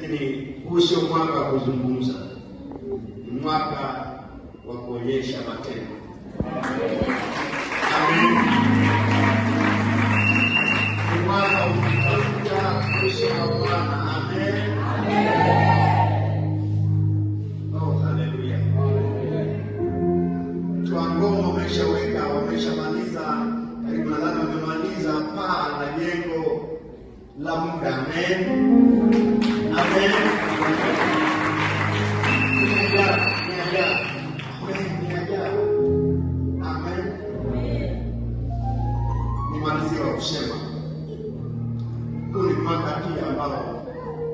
Lakini huu sio mwaka wa kuzungumza, ni mwaka wa kuonyesha matendo. Twangoma oh, wameshaweka, wameshamaliza karibu, nadhani wamemaliza paa na jengo la muda. Amen. ambalo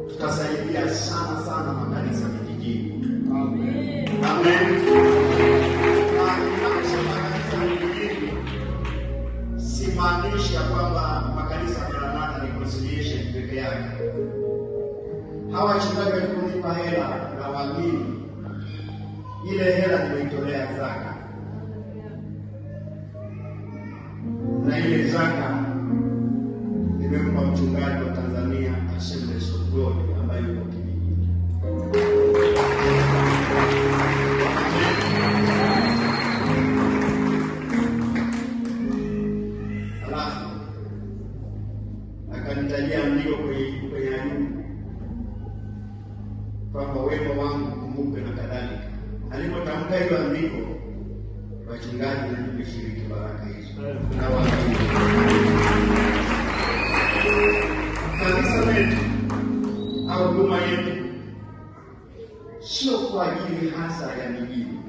tutasaidia sana sana makanisa vijijini. Amen. Amen. simaanishi ya kwamba makanisa ya Maranatha Reconciliation peke yake. Hawa wachungaji waliponipa hela na waamini, ile hela nimeitolea zaka na ile zaka nimempa mchungaji wa Tanzania Assemblies of God ambayo iko kijijini. Halafu akanitajia andiko kwenye Ayubu kwamba wema wangu kumbuke na kadhalika. Alipotamka hilo andiko, wachungaji na nimeshiriki baraka hizo na watu huduma yetu sio kwa ajili hasa ya mijini,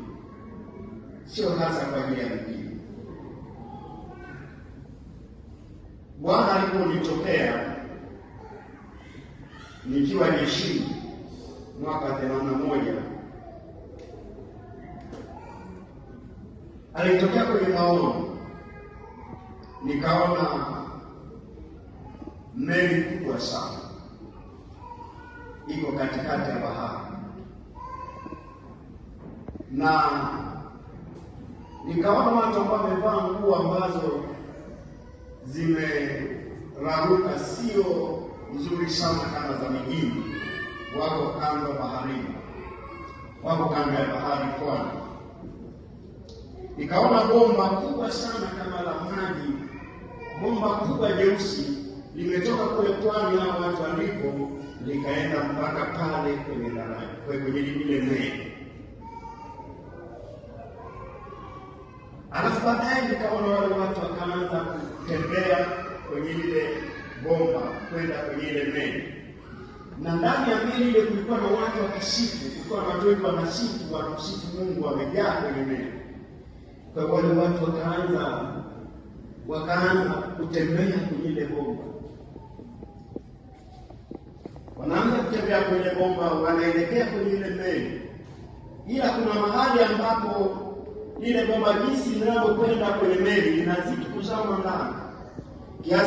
sio hasa kwa ajili ya mijini. Bwana aliponitokea nikiwa jeshini mwaka themanini na moja alitokea kwenye maono, nikaona meli kubwa sana iko katikati ya bahari, na nikaona watu ambao wamevaa nguo ambazo zimeraruka, sio nzuri sana kama za mijini, wako kando ya baharini, wako kando ya bahari kwani Nikaona bomba kubwa sana kama la maji, bomba kubwa jeusi limetoka kule pwani hao watu walipo likaenda mpaka pale kwenye daraja kwenye ile meli, alafu baadaye nikaona wale watu wakaanza kutembea kwenye ile bomba kwenda kwenye ile meli, na ndani ya meli ile kulikuwa na watu wakisifu, kulikuwa na watu wengi wanasifu, wanamsifu Mungu, wamejaa kwenye meli. Kwa hiyo wale watu wakaanza wakaanza kutembea kwenye ile bomba. Wanaanza kutembea kwenye bomba, wanaelekea kwenye ile meli, ila kuna mahali ambapo ile bomba jinsi linavyokwenda kwenye meli inazidi kuzama ndani